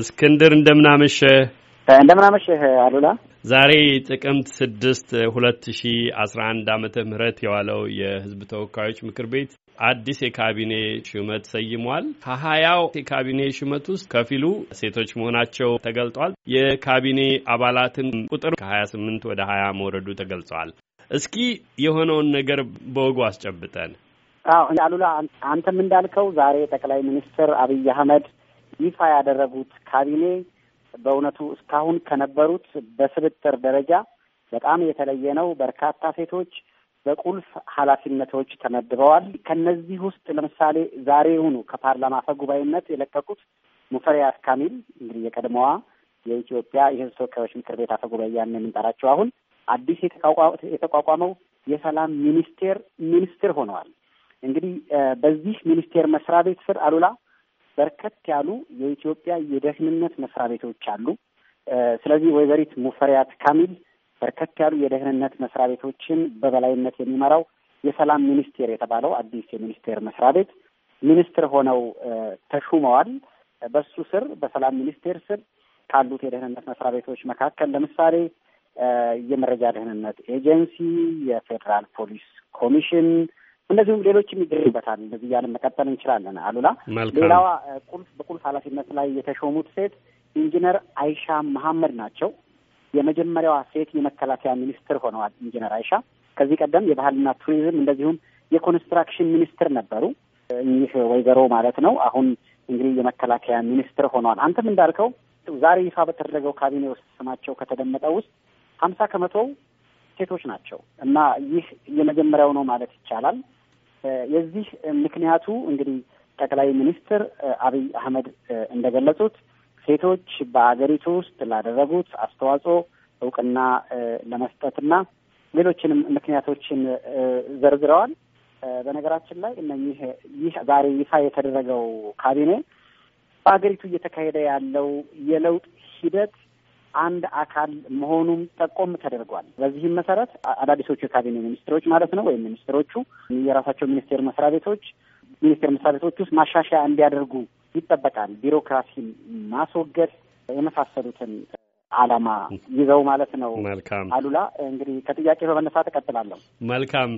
እስክንድር እንደምናመሸህ እንደምናመሸህ አሉላ ዛሬ ጥቅምት ስድስት ሁለት ሺ አስራ አንድ አመተ ምህረት የዋለው የህዝብ ተወካዮች ምክር ቤት አዲስ የካቢኔ ሹመት ሰይሟል። ከሀያው የካቢኔ ሹመት ውስጥ ከፊሉ ሴቶች መሆናቸው ተገልጧል። የካቢኔ አባላትን ቁጥር ከሀያ ስምንት ወደ ሀያ መውረዱ ተገልጿል። እስኪ የሆነውን ነገር በወጉ አስጨብጠን። አዎ አሉላ፣ አንተም እንዳልከው ዛሬ ጠቅላይ ሚኒስትር አብይ አህመድ ይፋ ያደረጉት ካቢኔ በእውነቱ እስካሁን ከነበሩት በስብጥር ደረጃ በጣም የተለየ ነው። በርካታ ሴቶች በቁልፍ ኃላፊነቶች ተመድበዋል። ከነዚህ ውስጥ ለምሳሌ ዛሬውኑ ከፓርላማ አፈ ጉባኤነት የለቀቁት ሙፈሪያት ካሚል እንግዲህ የቀድሞዋ የኢትዮጵያ የሕዝብ ተወካዮች ምክር ቤት አፈ ጉባኤ ያን የምንጠራቸው አሁን አዲስ የተቋቋመው የሰላም ሚኒስቴር ሚኒስትር ሆነዋል። እንግዲህ በዚህ ሚኒስቴር መስሪያ ቤት ስር አሉላ በርከት ያሉ የኢትዮጵያ የደህንነት መስሪያ ቤቶች አሉ። ስለዚህ ወይዘሪት ሙፈሪያት ካሚል በርከት ያሉ የደህንነት መስሪያ ቤቶችን በበላይነት የሚመራው የሰላም ሚኒስቴር የተባለው አዲስ የሚኒስቴር መስሪያ ቤት ሚኒስትር ሆነው ተሹመዋል። በሱ ስር በሰላም ሚኒስቴር ስር ካሉት የደህንነት መስሪያ ቤቶች መካከል ለምሳሌ የመረጃ ደህንነት ኤጀንሲ፣ የፌዴራል ፖሊስ ኮሚሽን፣ እንደዚሁም ሌሎችም ይገኙበታል። እንደዚህ እያለ መቀጠል እንችላለን። አሉላ ሌላዋ ቁልፍ በቁልፍ ኃላፊነት ላይ የተሾሙት ሴት ኢንጂነር አይሻ መሐመድ ናቸው። የመጀመሪያዋ ሴት የመከላከያ ሚኒስትር ሆነዋል። ኢንጂነር አይሻ ከዚህ ቀደም የባህልና ቱሪዝም እንደዚሁም የኮንስትራክሽን ሚኒስትር ነበሩ። እኚህ ወይዘሮ ማለት ነው። አሁን እንግዲህ የመከላከያ ሚኒስትር ሆነዋል። አንተም እንዳልከው ዛሬ ይፋ በተደረገው ካቢኔ ውስጥ ስማቸው ከተደመጠ ውስጥ ሀምሳ ከመቶ ሴቶች ናቸው እና ይህ የመጀመሪያው ነው ማለት ይቻላል። የዚህ ምክንያቱ እንግዲህ ጠቅላይ ሚኒስትር አብይ አህመድ እንደገለጹት ሴቶች በአገሪቱ ውስጥ ላደረጉት አስተዋጽኦ እውቅና ለመስጠትና ሌሎችንም ምክንያቶችን ዘርዝረዋል። በነገራችን ላይ እነኚህ ይህ ዛሬ ይፋ የተደረገው ካቢኔ በሀገሪቱ እየተካሄደ ያለው የለውጥ ሂደት አንድ አካል መሆኑም ጠቆም ተደርጓል። በዚህም መሰረት አዳዲሶቹ የካቢኔ ሚኒስትሮች ማለት ነው ወይም ሚኒስትሮቹ የራሳቸው ሚኒስቴር መስሪያ ቤቶች ሚኒስቴር መስሪያ ቤቶች ውስጥ ማሻሻያ እንዲያደርጉ ይጠበቃል። ቢሮክራሲን ማስወገድ የመሳሰሉትን ዓላማ ይዘው ማለት ነው። መልካም አሉላ፣ እንግዲህ ከጥያቄ በመነሳት እቀጥላለሁ። መልካም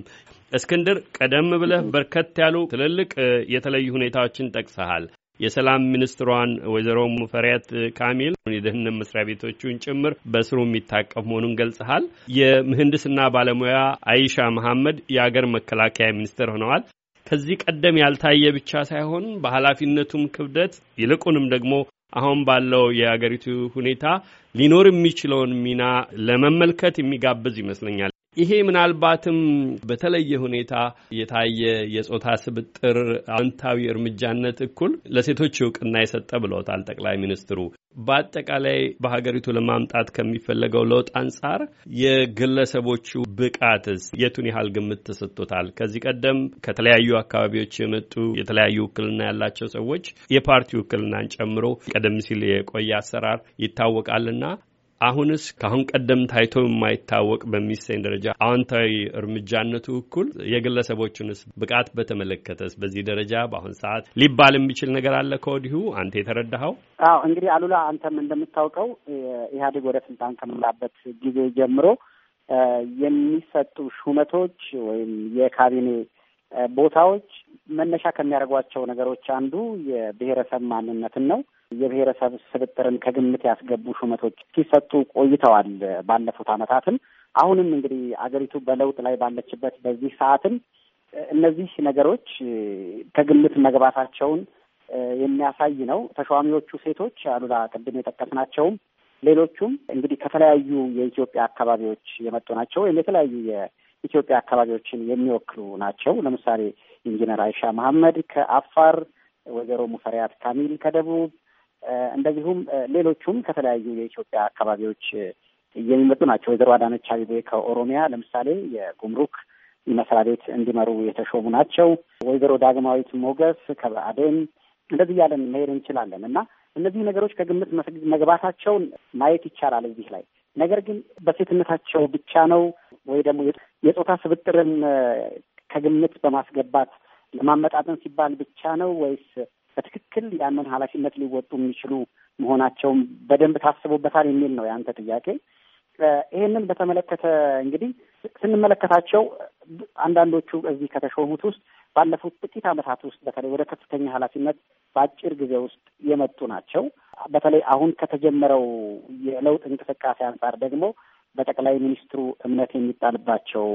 እስክንድር፣ ቀደም ብለህ በርከት ያሉ ትልልቅ የተለዩ ሁኔታዎችን ጠቅሰሃል። የሰላም ሚኒስትሯን ወይዘሮ ሙፈሪያት ካሚል የደህንነት መስሪያ ቤቶቹን ጭምር በስሩ የሚታቀፍ መሆኑን ገልጸሃል። የምህንድስና ባለሙያ አይሻ መሐመድ የአገር መከላከያ ሚኒስትር ሆነዋል። ከዚህ ቀደም ያልታየ ብቻ ሳይሆን በኃላፊነቱም ክብደት ይልቁንም ደግሞ አሁን ባለው የአገሪቱ ሁኔታ ሊኖር የሚችለውን ሚና ለመመልከት የሚጋብዝ ይመስለኛል። ይሄ ምናልባትም በተለየ ሁኔታ የታየ የጾታ ስብጥር አዎንታዊ እርምጃነት እኩል ለሴቶች እውቅና የሰጠ ብለውታል ጠቅላይ ሚኒስትሩ። በአጠቃላይ በሀገሪቱ ለማምጣት ከሚፈለገው ለውጥ አንጻር የግለሰቦቹ ብቃትስ የቱን ያህል ግምት ተሰጥቶታል? ከዚህ ቀደም ከተለያዩ አካባቢዎች የመጡ የተለያዩ ውክልና ያላቸው ሰዎች የፓርቲ ውክልናን ጨምሮ ቀደም ሲል የቆየ አሰራር ይታወቃልና አሁንስ ከአሁን ቀደም ታይቶ የማይታወቅ በሚሰኝ ደረጃ አዎንታዊ እርምጃነቱ እኩል የግለሰቦቹንስ ብቃት በተመለከተስ በዚህ ደረጃ በአሁን ሰዓት ሊባል የሚችል ነገር አለ ከወዲሁ አንተ የተረዳኸው? አዎ እንግዲህ አሉላ፣ አንተም እንደምታውቀው ኢህአዴግ ወደ ስልጣን ከመላበት ጊዜ ጀምሮ የሚሰጡ ሹመቶች ወይም የካቢኔ ቦታዎች መነሻ ከሚያደርጓቸው ነገሮች አንዱ የብሔረሰብ ማንነትን ነው። የብሔረሰብ ስብጥርን ከግምት ያስገቡ ሹመቶች ሲሰጡ ቆይተዋል ባለፉት ዓመታትም። አሁንም እንግዲህ አገሪቱ በለውጥ ላይ ባለችበት በዚህ ሰዓትም እነዚህ ነገሮች ከግምት መግባታቸውን የሚያሳይ ነው። ተሿሚዎቹ ሴቶች አሉላ ቅድም የጠቀስናቸውም ሌሎቹም እንግዲህ ከተለያዩ የኢትዮጵያ አካባቢዎች የመጡ ናቸው ወይም የተለያዩ ኢትዮጵያ አካባቢዎችን የሚወክሉ ናቸው። ለምሳሌ ኢንጂነር አይሻ መሐመድ ከአፋር፣ ወይዘሮ ሙፈሪያት ካሚል ከደቡብ እንደዚሁም ሌሎቹም ከተለያዩ የኢትዮጵያ አካባቢዎች የሚመጡ ናቸው። ወይዘሮ አዳነች አቤቤ ከኦሮሚያ ለምሳሌ የጉምሩክ መስሪያ ቤት እንዲመሩ የተሾሙ ናቸው። ወይዘሮ ዳግማዊት ሞገስ ከብአዴን እንደዚህ እያለን መሄድ እንችላለን እና እነዚህ ነገሮች ከግምት መግባታቸውን ማየት ይቻላል። እዚህ ላይ ነገር ግን በሴትነታቸው ብቻ ነው ወይ ደግሞ የጾታ ስብጥርን ከግምት በማስገባት ለማመጣጠን ሲባል ብቻ ነው ወይስ በትክክል ያንን ኃላፊነት ሊወጡ የሚችሉ መሆናቸውን በደንብ ታስቦበታል የሚል ነው የአንተ ጥያቄ። ይህንን በተመለከተ እንግዲህ ስንመለከታቸው አንዳንዶቹ እዚህ ከተሾሙት ውስጥ ባለፉት ጥቂት ዓመታት ውስጥ በተለይ ወደ ከፍተኛ ኃላፊነት በአጭር ጊዜ ውስጥ የመጡ ናቸው። በተለይ አሁን ከተጀመረው የለውጥ እንቅስቃሴ አንጻር ደግሞ በጠቅላይ ሚኒስትሩ እምነት የሚጣልባቸው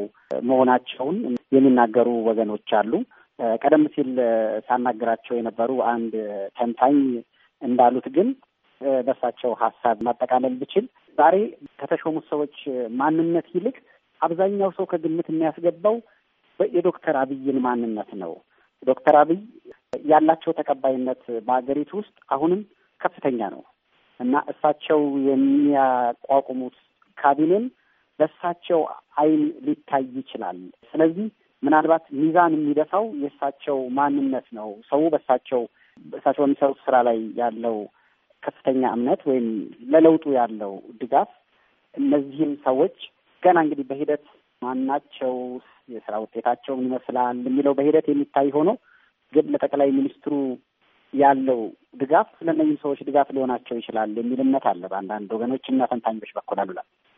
መሆናቸውን የሚናገሩ ወገኖች አሉ። ቀደም ሲል ሳናግራቸው የነበሩ አንድ ተንታኝ እንዳሉት ግን በእሳቸው ሀሳብ ማጠቃለል ብችል ዛሬ ከተሾሙት ሰዎች ማንነት ይልቅ አብዛኛው ሰው ከግምት የሚያስገባው የዶክተር አብይን ማንነት ነው። ዶክተር አብይ ያላቸው ተቀባይነት በሀገሪቱ ውስጥ አሁንም ከፍተኛ ነው እና እሳቸው የሚያቋቁሙት ካቢኔም በእሳቸው አይን ሊታይ ይችላል። ስለዚህ ምናልባት ሚዛን የሚደፋው የእሳቸው ማንነት ነው። ሰው በእሳቸው እሳቸው በሚሰሩት ስራ ላይ ያለው ከፍተኛ እምነት ወይም ለለውጡ ያለው ድጋፍ እነዚህም ሰዎች ገና እንግዲህ በሂደት ማናቸው የስራ ውጤታቸው ምን ይመስላል የሚለው በሂደት የሚታይ ሆኖ ግን ለጠቅላይ ሚኒስትሩ ያለው ድጋፍ ለእነዚህም ሰዎች ድጋፍ ሊሆናቸው ይችላል የሚል እምነት አለ በአንዳንድ ወገኖች እና ተንታኞች በኩል አሉላል